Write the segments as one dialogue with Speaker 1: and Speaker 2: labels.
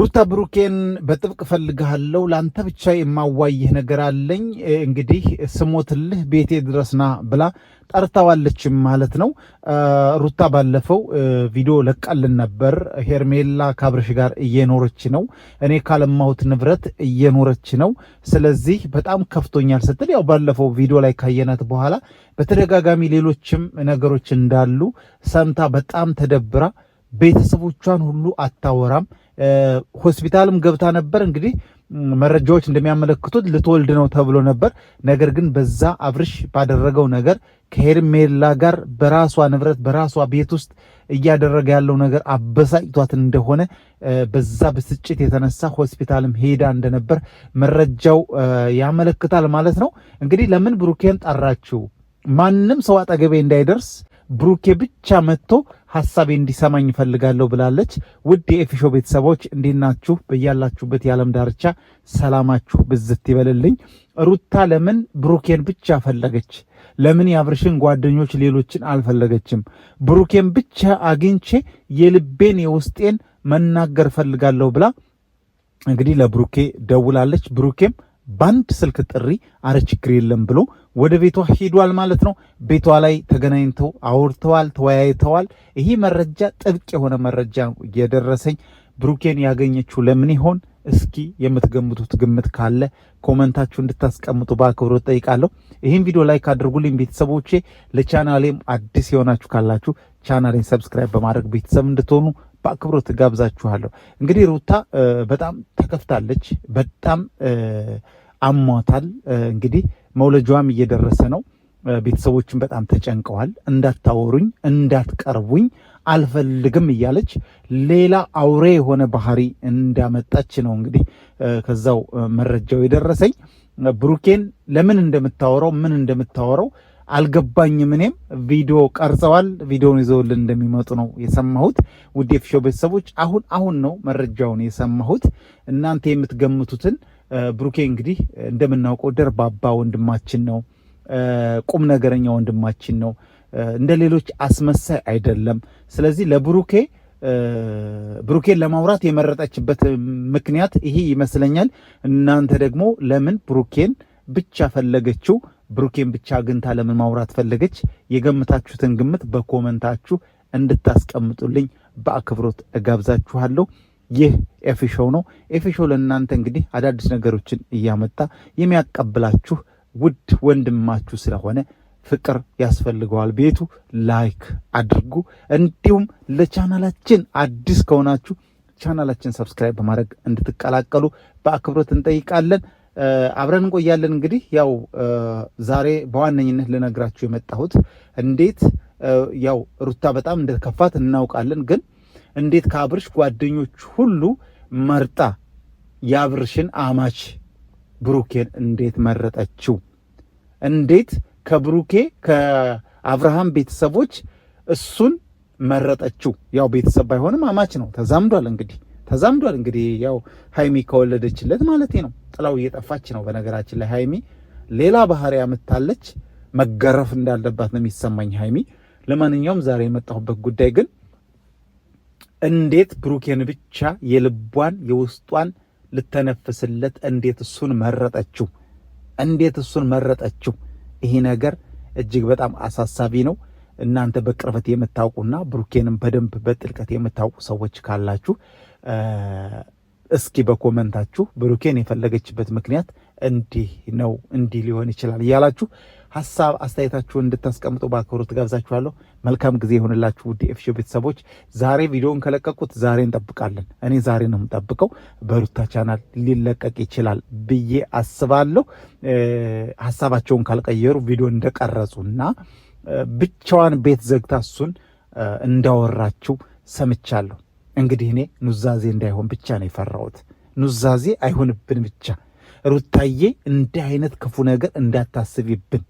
Speaker 1: ሩታ ብሩኬን በጥብቅ ፈልግሃለሁ፣ ለአንተ ብቻ የማዋይህ ነገር አለኝ፣ እንግዲህ ስሞትልህ ቤቴ ድረስና ብላ ጠርታዋለች ማለት ነው። ሩታ ባለፈው ቪዲዮ ለቃልን ነበር። ሄርሜላ ካብርሽ ጋር እየኖረች ነው፣ እኔ ካለማሁት ንብረት እየኖረች ነው፣ ስለዚህ በጣም ከፍቶኛል ስትል ያው ባለፈው ቪዲዮ ላይ ካየናት በኋላ በተደጋጋሚ ሌሎችም ነገሮች እንዳሉ ሰምታ በጣም ተደብራ ቤተሰቦቿን ሁሉ አታወራም። ሆስፒታልም ገብታ ነበር። እንግዲህ መረጃዎች እንደሚያመለክቱት ልትወልድ ነው ተብሎ ነበር። ነገር ግን በዛ አብርሽ ባደረገው ነገር ከሄርሜላ ጋር በራሷ ንብረት በራሷ ቤት ውስጥ እያደረገ ያለው ነገር አበሳጭቷት እንደሆነ በዛ ብስጭት የተነሳ ሆስፒታልም ሄዳ እንደነበር መረጃው ያመለክታል ማለት ነው። እንግዲህ ለምን ብሩኬን ጠራችው ማንም ሰው አጠገቤ እንዳይደርስ ብሩኬ ብቻ መጥቶ ሀሳቤ እንዲሰማኝ እፈልጋለሁ ብላለች። ውድ የኤፊሾ ቤተሰቦች እንዴት ናችሁ? በያላችሁበት የዓለም ዳርቻ ሰላማችሁ ብዝት ይበልልኝ። ሩታ ለምን ብሩኬን ብቻ ፈለገች? ለምን የአብርሽን ጓደኞች ሌሎችን አልፈለገችም? ብሩኬን ብቻ አግኝቼ የልቤን የውስጤን መናገር እፈልጋለሁ ብላ እንግዲህ ለብሩኬ ደውላለች። ብሩኬም በአንድ ስልክ ጥሪ አረ ችግር የለም ብሎ ወደ ቤቷ ሄዷል ማለት ነው። ቤቷ ላይ ተገናኝተው አውርተዋል፣ ተወያይተዋል። ይህ መረጃ ጥብቅ የሆነ መረጃ ነው እየደረሰኝ። ብሩኬን ያገኘችው ለምን ይሆን? እስኪ የምትገምቱት ግምት ካለ ኮመንታችሁ እንድታስቀምጡ በአክብሮት ጠይቃለሁ። ይህን ቪዲዮ ላይክ አድርጉልኝ ቤተሰቦቼ። ለቻናሌም አዲስ የሆናችሁ ካላችሁ ቻናሌን ሰብስክራይብ በማድረግ ቤተሰብ እንድትሆኑ በአክብሮት ጋብዛችኋለሁ። እንግዲህ ሩታ በጣም ተከፍታለች። በጣም አሟታል። እንግዲህ መውለጃዋም እየደረሰ ነው። ቤተሰቦችን በጣም ተጨንቀዋል። እንዳታወሩኝ፣ እንዳትቀርቡኝ አልፈልግም እያለች ሌላ አውሬ የሆነ ባህሪ እንዳመጣች ነው እንግዲህ ከዛው መረጃው የደረሰኝ። ብሩኬን ለምን እንደምታወራው ምን እንደምታወራው አልገባኝም። እኔም ቪዲዮ ቀርጸዋል። ቪዲዮውን ይዘውልን እንደሚመጡ ነው የሰማሁት። ውድ የፊሾ ቤተሰቦች አሁን አሁን ነው መረጃውን የሰማሁት። እናንተ የምትገምቱትን ብሩኬ እንግዲህ እንደምናውቀው ደርባባ ወንድማችን ነው፣ ቁም ነገረኛ ወንድማችን ነው። እንደ ሌሎች አስመሳይ አይደለም። ስለዚህ ለብሩኬ ብሩኬን ለማውራት የመረጠችበት ምክንያት ይሄ ይመስለኛል። እናንተ ደግሞ ለምን ብሩኬን ብቻ ፈለገችው ብሩኬን ብቻ አግኝታ ለምን ማውራት ፈለገች? የገምታችሁትን ግምት በኮመንታችሁ እንድታስቀምጡልኝ በአክብሮት እጋብዛችኋለሁ። ይህ ኤፊሾው ነው። ኤፊሾው ለእናንተ እንግዲህ አዳዲስ ነገሮችን እያመጣ የሚያቀብላችሁ ውድ ወንድማችሁ ስለሆነ ፍቅር ያስፈልገዋል። ቤቱ ላይክ አድርጉ። እንዲሁም ለቻናላችን አዲስ ከሆናችሁ ቻናላችን ሰብስክራይብ በማድረግ እንድትቀላቀሉ በአክብሮት እንጠይቃለን። አብረን እንቆያለን። እንግዲህ ያው ዛሬ በዋነኝነት ልነግራችሁ የመጣሁት እንዴት ያው ሩታ በጣም እንደከፋት እናውቃለን፣ ግን እንዴት ከአብርሽ ጓደኞች ሁሉ መርጣ የአብርሽን አማች ብሩኬን እንዴት መረጠችው? እንዴት ከብሩኬ ከአብርሃም ቤተሰቦች እሱን መረጠችው? ያው ቤተሰብ ባይሆንም አማች ነው፣ ተዛምዷል እንግዲህ ተዛምዷል። እንግዲህ ያው ሀይሚ ከወለደችለት ማለት ነው። ጥላው እየጠፋች ነው። በነገራችን ላይ ሀይሚ ሌላ ባህሪ ያመጣለች። መገረፍ እንዳለባት ነው የሚሰማኝ ሀይሚ። ለማንኛውም ዛሬ የመጣሁበት ጉዳይ ግን እንዴት ብሩኬን ብቻ የልቧን የውስጧን ልተነፍስለት እንዴት እሱን መረጠችው? እንዴት እሱን መረጠችው? ይሄ ነገር እጅግ በጣም አሳሳቢ ነው። እናንተ በቅርበት የምታውቁና ብሩኬንም በደንብ በጥልቀት የምታውቁ ሰዎች ካላችሁ እስኪ በኮመንታችሁ ብሩኬን የፈለገችበት ምክንያት እንዲህ ነው እንዲህ ሊሆን ይችላል እያላችሁ ሀሳብ አስተያየታችሁን እንድታስቀምጡ በአክብሮት ትጋብዛችኋለሁ። መልካም ጊዜ የሆንላችሁ ውድ ኤፍሾ ቤተሰቦች። ዛሬ ቪዲዮን ከለቀቁት ዛሬ እንጠብቃለን። እኔ ዛሬ ነው የምጠብቀው። በሩታ ቻናል ሊለቀቅ ይችላል ብዬ አስባለሁ። ሀሳባቸውን ካልቀየሩ ቪዲዮ እና ብቻዋን ቤት ዘግታ እሱን እንዳወራችው ሰምቻለሁ። እንግዲህ እኔ ኑዛዜ እንዳይሆን ብቻ ነው የፈራሁት። ኑዛዜ አይሆንብን ብቻ ሩታዬ፣ እንዲህ አይነት ክፉ ነገር እንዳታስቢብን።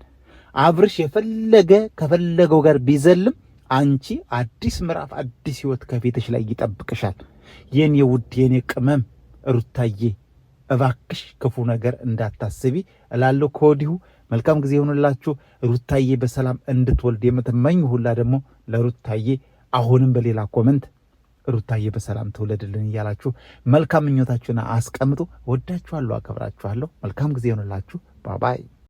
Speaker 1: አብርሽ የፈለገ ከፈለገው ጋር ቢዘልም አንቺ አዲስ ምዕራፍ አዲስ ህይወት ከፊትሽ ላይ ይጠብቅሻል። የኔ ውድ የኔ ቅመም ሩታዬ እባክሽ ክፉ ነገር እንዳታስቢ እላለሁ ከወዲሁ። መልካም ጊዜ ይሆንላችሁ። ሩታዬ በሰላም እንድትወልድ የምትመኝ ሁላ ደግሞ ለሩታዬ አሁንም በሌላ ኮመንት ሩታዬ በሰላም ትውለድልን እያላችሁ መልካም ምኞታችሁን አስቀምጡ። ወዳችኋለሁ፣ አከብራችኋለሁ። መልካም ጊዜ ይሆንላችሁ። ባባይ